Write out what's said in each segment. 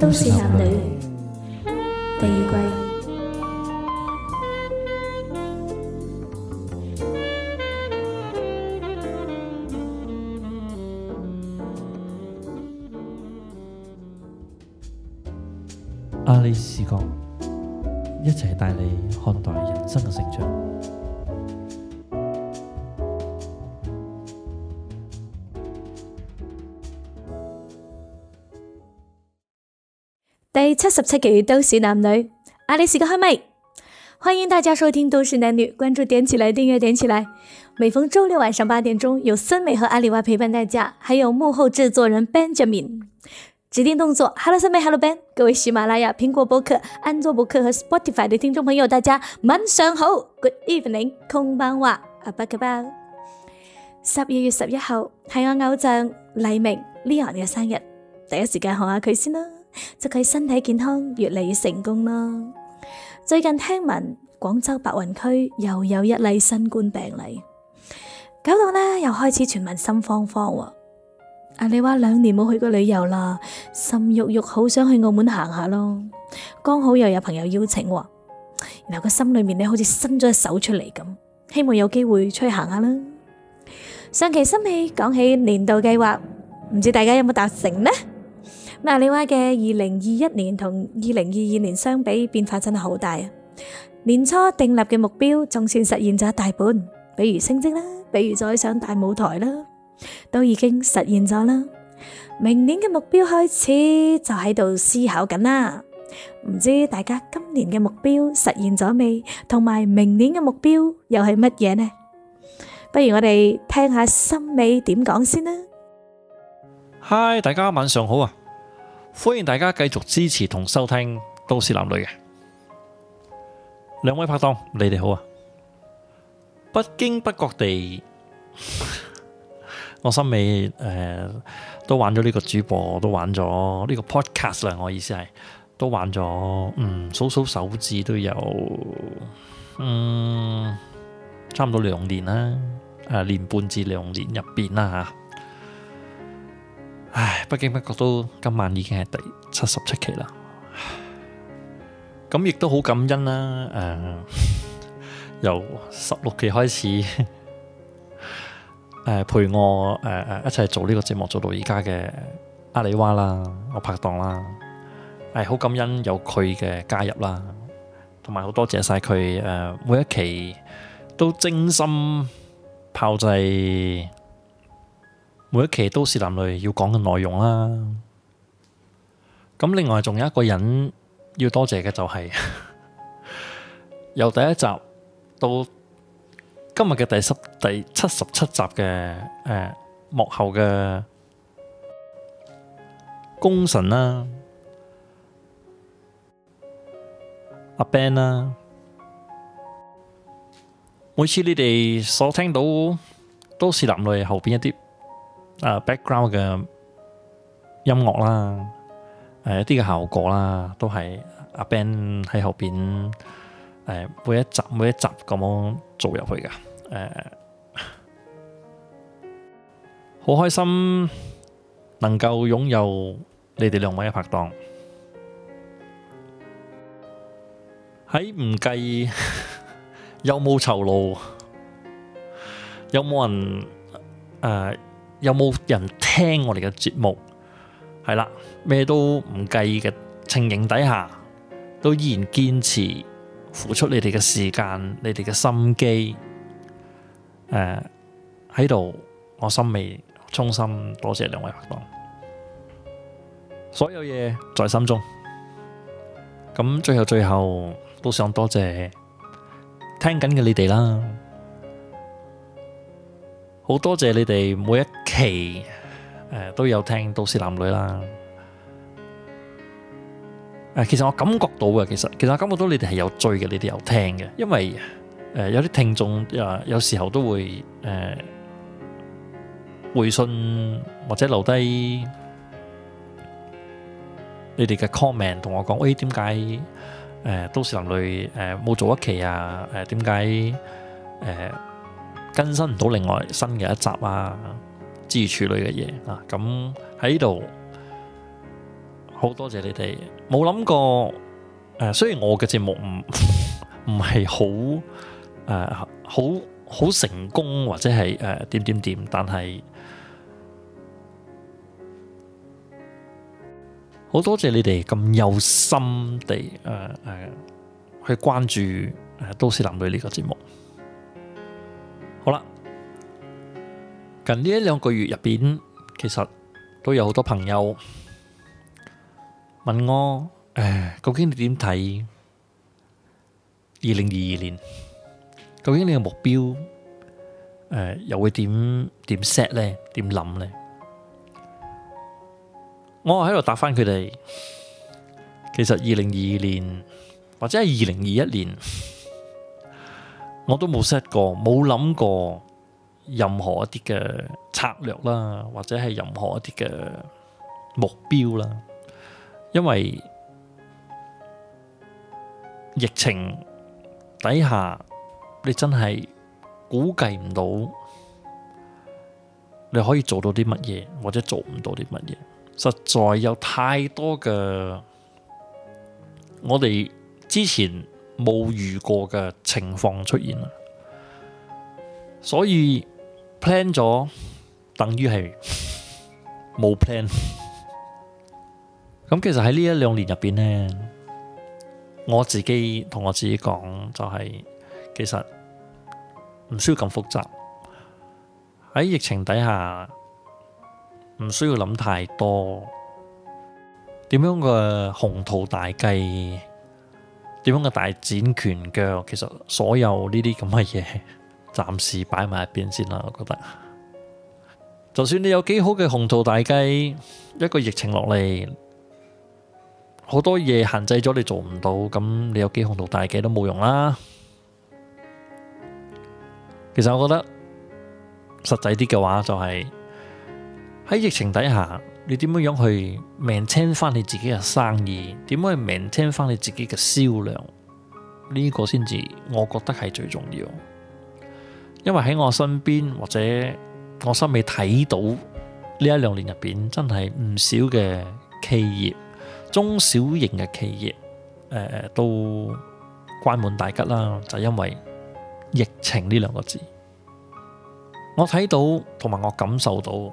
都市男女第二季，阿里視角，一齊帶你看待人生嘅成長。第七十七期都市男女，阿里是個開咪，歡迎大家收聽《都市男女》，關注點起來，訂閱點起來。每逢周六晚上八點鐘，有森美和阿里娃陪伴大家，還有幕後製作人 Benjamin 指定動作。Hello，森美，Hello Ben，各位喜馬拉雅、蘋果播客、安卓博客和 Spotify 的聽眾朋友，大家晚上好，Good evening，空班話阿八嘅包。十二月十一號係我偶像黎明 Leon 嘅生日，第一時間賀下佢先啦。祝佢身體健康，越嚟越成功啦！最近聽聞廣州白雲區又有一例新冠病例，搞到呢又開始全民心慌慌喎。啊，你話兩年冇去過旅遊啦，心郁郁好想去澳門行下咯。剛好又有朋友邀請，然後個心裡面呢好似伸咗手出嚟咁，希望有機會出去行下啦。上期心美講起年度計劃，唔知大家有冇達成呢？馬里亞嘅二零二一年同二零二二年相比，變化真係好大啊！年初訂立嘅目標仲算實現咗一大半，比如升職啦，比如再上大舞台啦，都已經實現咗啦。明年嘅目標開始就喺度思考緊啦。唔知大家今年嘅目標實現咗未？同埋明年嘅目標又係乜嘢呢？不如我哋聽下心美點講先啦。嗨，大家晚上好啊！歡迎大家繼續支持同收聽《都市男女》嘅兩位拍檔，你哋好啊！不經不覺地， 我心尾誒、呃，都玩咗呢個主播，都玩咗呢個 podcast 啦。我意思係，都玩咗，嗯，數數手指都有，嗯，差唔多兩年啦，誒、啊，年半至兩年入邊啦吓。唉，不經不覺都今晚已經係第七十七期啦，咁亦都好感恩啦。誒、呃， 由十六期開始，誒、呃、陪我誒誒、呃、一齊做呢個節目做到而家嘅阿里花啦，我拍檔啦，係、呃、好感恩有佢嘅加入啦，同埋好多謝晒佢誒每一期都精心炮製。每一期都市男女要講嘅內容啦，咁另外仲有一個人要多謝嘅就係由第一集到今日嘅第十第七十七集嘅誒幕後嘅功臣啦，阿 Ben 啦，每次你哋所聽到都市男女後面一啲。啊，background 嘅音樂啦，誒，一啲嘅效果啦，都係阿 Ben 喺後邊，誒，每一集每一集咁樣做入去㗎，誒，好開心能夠擁有你哋兩位嘅拍檔，喺唔計有冇酬勞，有冇人誒？有冇人聽我哋嘅節目？係啦，咩都唔計嘅情形底下，都依然堅持付出你哋嘅時間、你哋嘅心機，誒喺度，我心微衷心多謝兩位拍檔，所有嘢在心中。咁最後最後都想多謝聽緊嘅你哋啦。好多謝你哋每一期誒都有聽都市男女啦誒，其實我感覺到嘅，其實其實我感覺到你哋係有追嘅，你哋有聽嘅，因為誒有啲聽眾啊，有時候都會誒回信或者留低你哋嘅 comment 同我講，喂，點解誒都市男女誒冇做一期啊？誒，點解誒？更新唔到另外新嘅一集啊，諸如此類嘅嘢啊，咁喺度好多謝你哋冇諗過誒，雖然我嘅節目唔唔係好誒好好成功或者係誒點點點，但係好多謝你哋咁有心地誒誒去關注誒都市男女呢個節目。近呢一兩個月入邊，其實都有好多朋友問我，誒，究竟你點睇二零二二年？究竟你嘅目標，誒，又會點點 set 咧？點諗咧？我喺度答翻佢哋，其實二零二二年或者係二零二一年，我都冇 set 過，冇諗過。任何一啲嘅策略啦，或者係任何一啲嘅目標啦，因為疫情底下，你真係估計唔到你可以做到啲乜嘢，或者做唔到啲乜嘢。實在有太多嘅我哋之前冇遇過嘅情況出現啦，所以。plan 咗等於係冇 plan，咁其實喺呢一兩年入邊咧，我自己同我自己講就係、是，其實唔需要咁複雜。喺疫情底下，唔需要諗太多。點樣嘅宏圖大計，點樣嘅大展拳腳，其實所有呢啲咁嘅嘢，暫時擺埋一邊先啦，我覺得，就算你有幾好嘅鴻圖大計，一個疫情落嚟，好多嘢限制咗你做唔到，咁你有幾鴻圖大計都冇用啦。其實我覺得實際啲嘅話、就是，就係喺疫情底下，你點樣樣去 maintain 返你自己嘅生意，點樣去 maintain 返你自己嘅銷量，呢、這個先至我覺得係最重要。因為喺我身邊或者我心裡睇到呢一兩年入邊，真係唔少嘅企業、中小型嘅企業，誒、呃、都關門大吉啦。就是、因為疫情呢兩個字，我睇到同埋我感受到，誒、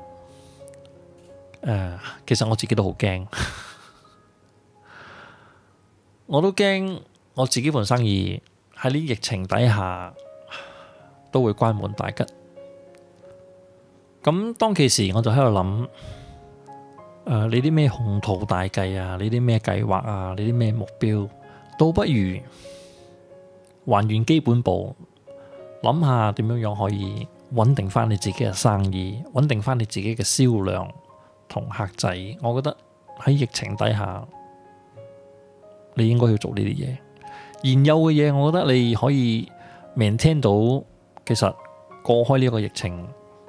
呃、其實我自己都好驚， 我都驚我自己份生意喺呢疫情底下，都會關門大吉。咁當其時，我就喺度諗，誒，你啲咩鴻圖大計啊？你啲咩計劃啊？你啲咩目標，倒不如還原基本步，諗下點樣樣可以穩定翻你自己嘅生意，穩定翻你自己嘅銷量同客仔。我覺得喺疫情底下，你應該要做呢啲嘢，現有嘅嘢，我覺得你可以 maintain 到。其實過開呢一個疫情，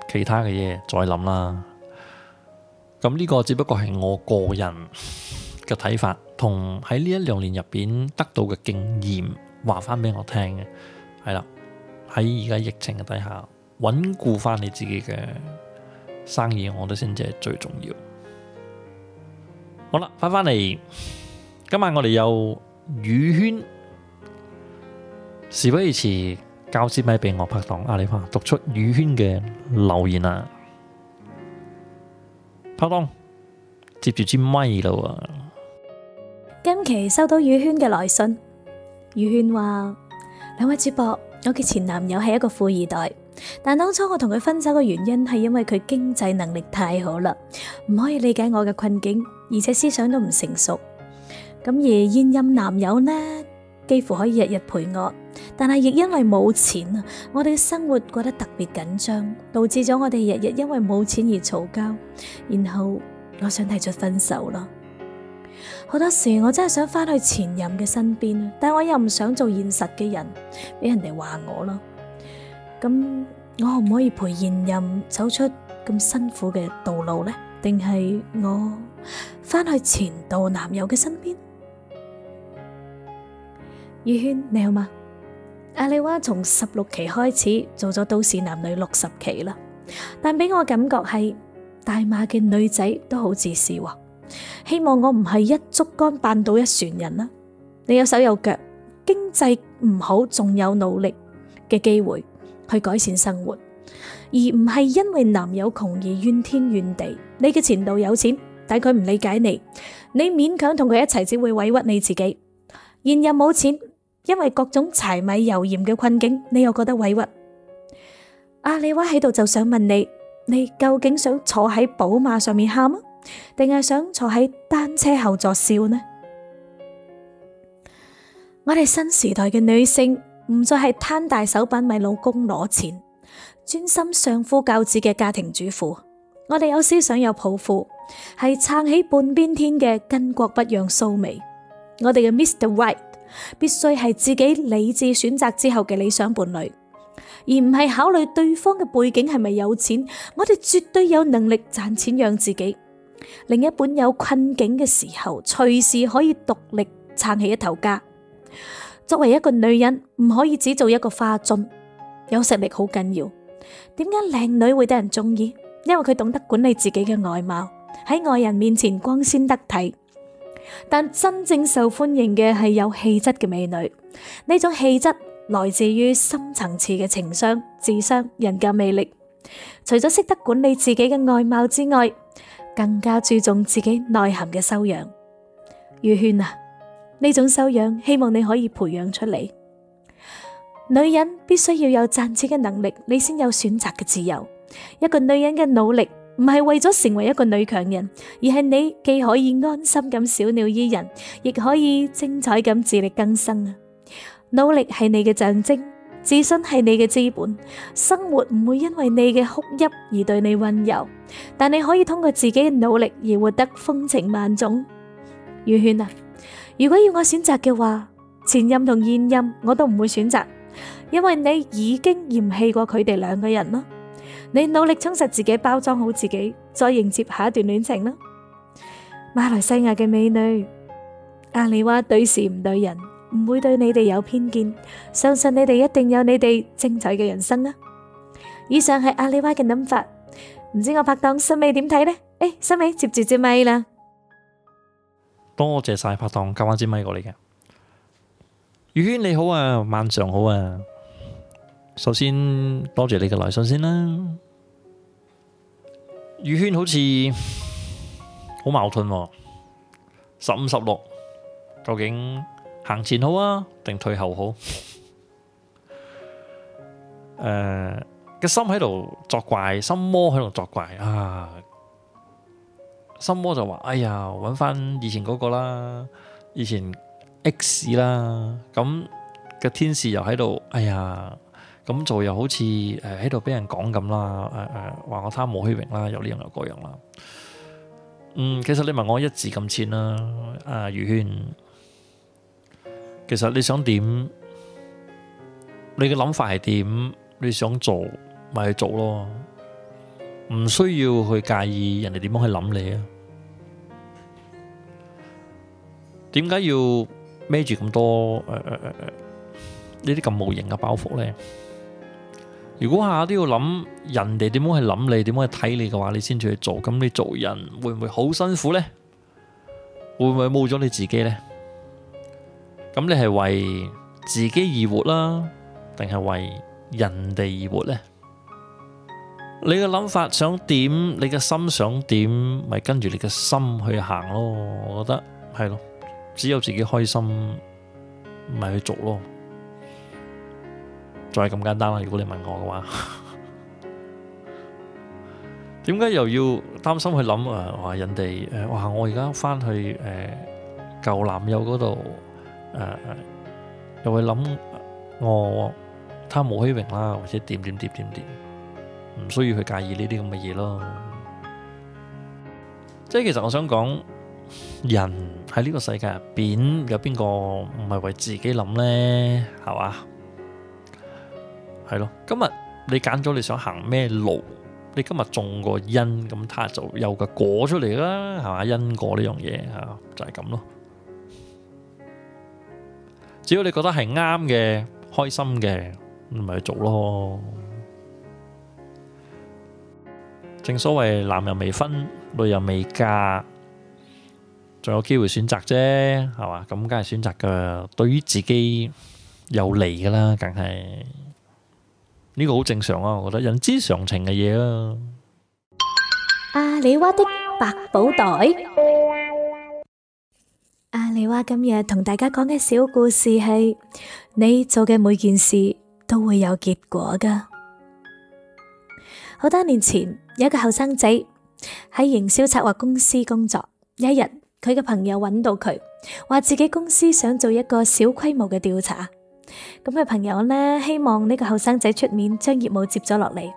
其他嘅嘢再諗啦。咁、這、呢個只不過係我個人嘅睇法，同喺呢一兩年入邊得到嘅經驗，話翻俾我聽嘅，係啦。喺而家疫情嘅底下，穩固翻你自己嘅生意，我覺得先至係最重要。好啦，翻翻嚟，今晚我哋有予萱，事不宜遲。交支咪俾我拍檔阿麗花讀出予萱嘅留言啊！拍檔接住支咪咯！今期收到予萱嘅來信，予萱話：兩位主播，我嘅前男友係一個富二代，但當初我同佢分手嘅原因係因為佢經濟能力太好啦，唔可以理解我嘅困境，而且思想都唔成熟。咁而現任男友呢，幾乎可以日日陪我。但係亦因為冇錢啊，我哋嘅生活過得特別緊張，導致咗我哋日日因為冇錢而嘈交。然後我想提出分手咯。好多時我真係想翻去前任嘅身邊，但係我又唔想做現實嘅人，俾人哋話我咯。咁我可唔可以陪現任走出咁辛苦嘅道路呢？定係我翻去前度男友嘅身邊？予萱你好嗎？阿里娃從十六期開始做咗都市男女六十期啦，但俾我感覺係大馬嘅女仔都好自私啊！希望我唔係一竹竿扮到一船人啦。你有手有腳，經濟唔好仲有努力嘅機會去改善生活，而唔係因為男友窮而怨天怨地。你嘅前度有錢，但佢唔理解你，你勉強同佢一齊只會委屈你自己。現任冇錢。因為各種柴米油鹽嘅困境，你又覺得委屈？阿里娃喺度就想問你：你究竟想坐喺寶馬上面喊啊，定係想坐喺單車後座笑呢？ 我哋新時代嘅女性，唔再係攤大手板咪老公攞錢、專心相夫教子嘅家庭主婦。我哋有思想、有抱負，係撐起半邊天嘅巾幗不讓鬚眉。我哋嘅 Mr. White。必須係自己理智選擇之後嘅理想伴侶，而唔係考慮對方嘅背景係咪有錢。我哋絕對有能力賺錢養自己。另一半有困境嘅時候，隨時可以獨力撐起一頭家。作為一個女人，唔可以只做一個花樽，有實力好緊要。點解靚女會得人中意？因為佢懂得管理自己嘅外貌，喺外人面前光鮮得體。但真正受歡迎嘅係有氣質嘅美女，呢種氣質來自於深層次嘅情商、智商、人格魅力。除咗識得管理自己嘅外貌之外，更加注重自己內涵嘅修養。予萱啊，呢種修養希望你可以培養出嚟。女人必須要有賺錢嘅能力，你先有選擇嘅自由。一個女人嘅努力，唔係為咗成為一個女強人，而係你既可以安心咁小鳥依人，亦可以精彩咁自力更生啊！努力係你嘅象徵，自信係你嘅資本。生活唔會因為你嘅哭泣而對你溫柔，但你可以通過自己嘅努力而活得風情萬種。予萱啊，如果要我選擇嘅話，前任同現任我都唔會選擇，因為你已經嫌棄過佢哋兩個人啦。你努力充實自己，包裝好自己，再迎接下一段戀情啦。馬來西亞嘅美女阿里娃對事唔對人，唔會對你哋有偏見，相信你哋一定有你哋精彩嘅人生啊！以上係阿里娃嘅諗法，唔知我拍檔心美點睇呢？誒，心美接住接咪啦！多謝晒拍檔今晚接咪過嚟嘅，予萱你好啊，晚上好啊。首先多謝你嘅來信先啦。宇軒好似好矛盾喎，十五十六究竟行前好啊，定退後好？誒，個心喺度作怪，心魔喺度作怪啊。心魔就話：哎呀，揾翻以前嗰個啦，以前 X 啦。咁個天使又喺度，哎呀。咁做又好似誒，喺度俾人講咁啦，誒誒話我貪慕虛榮啦，又呢樣又嗰樣啦。嗯，其實你問我一字咁淺啦，阿予萱，其實你想點，你嘅諗法係點，你想做咪去做咯，唔需要去介意人哋點樣去諗你啊。點解要孭住咁多誒誒誒呢啲咁無形嘅包袱咧？如果下下都要諗人哋點樣去諗你，點樣去睇你嘅話，你先至去做，咁你做人會唔會好辛苦呢？會唔會冇咗你自己呢？咁你係為自己而活啦，啊，定係為人哋而活呢？你嘅諗法想點，你嘅心想點，咪跟住你嘅心去行咯。我覺得係咯，只有自己開心，咪去做咯。就係咁簡單啦！如果你問我嘅話，點解又要擔心去諗誒？話、呃、人哋誒、呃，哇！我而家翻去誒舊、呃、男友嗰度誒，又去諗我貪冇虛榮啦，或者點點點點點，唔需要去介意呢啲咁嘅嘢咯。即係其實我想講，人喺呢個世界入邊，有邊個唔係為自己諗咧？係嘛？係咯，今日你揀咗你想行咩路，你今日種個因，咁他就有個果出嚟啦，係嘛？因果呢樣嘢啊，就係咁咯。只要你覺得係啱嘅，開心嘅，咪去做咯。正所謂男又未婚，女又未嫁，仲有機會選擇啫，係嘛？咁，梗係選擇噶對於自己有利噶啦，梗係。呢個好正常啊，我覺得人之常情嘅嘢啊。阿里娃的百寶袋，阿里娃今日同大家講嘅小故事係：你做嘅每件事都會有結果噶。好多年前，有一個後生仔喺營銷策劃公司工作，有一日佢嘅朋友揾到佢，話自己公司想做一個小規模嘅調查。咁佢朋友呢，希望呢個後生仔出面將業務接咗落嚟，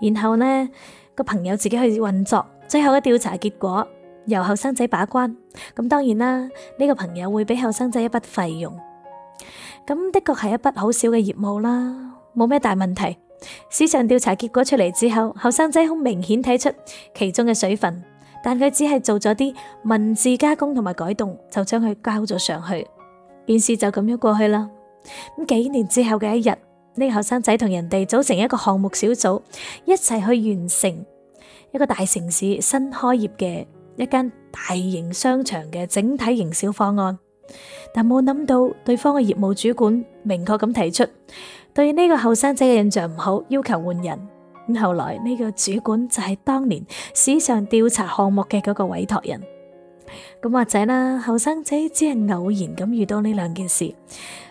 然後呢，個朋友自己去運作。最後嘅調查結果由後生仔把關，咁當然啦，呢個朋友會俾後生仔一筆費用。咁的確係一筆好少嘅業務啦，冇咩大問題。市場調查結果出嚟之後，後生仔好明顯睇出其中嘅水分，但佢只係做咗啲文字加工同埋改動，就將佢交咗上去，件事就咁樣過去啦。咁幾年之後嘅一日，呢個後生仔同人哋組成一個項目小組，一齊去完成一個大城市新開業嘅一間大型商場嘅整體營銷方案。但冇諗到對方嘅業務主管明確咁提出對呢個後生仔嘅印象唔好，要求換人。咁後來呢個主管就係當年市場調查項目嘅嗰個委託人。咁或者啦，後生仔只係偶然咁遇到呢兩件事。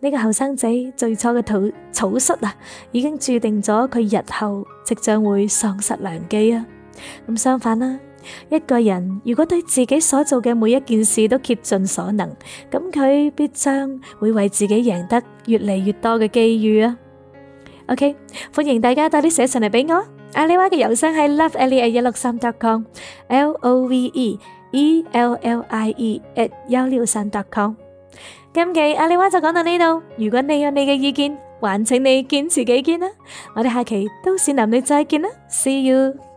呢個後生仔最初嘅草草率啊，已經注定咗佢日後即將會喪失良機啊！咁相反啦，一個人如果對自己所做嘅每一件事都竭盡所能，咁佢必將會為自己贏得越嚟越多嘅機遇啊！OK，歡迎大家多啲寫信嚟俾我，阿李威嘅郵箱係 loveelli@ 幺六三 .com，L O V E E L L I E@ 幺六三 .com。今期阿麗娃就講到呢度。如果你有你嘅意見，還請你堅持己見啦。我哋下期都市男女再見啦，See you。